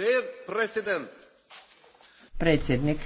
Der Predsjednik.